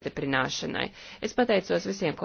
apstiprināšanai. Es pateicos visiem.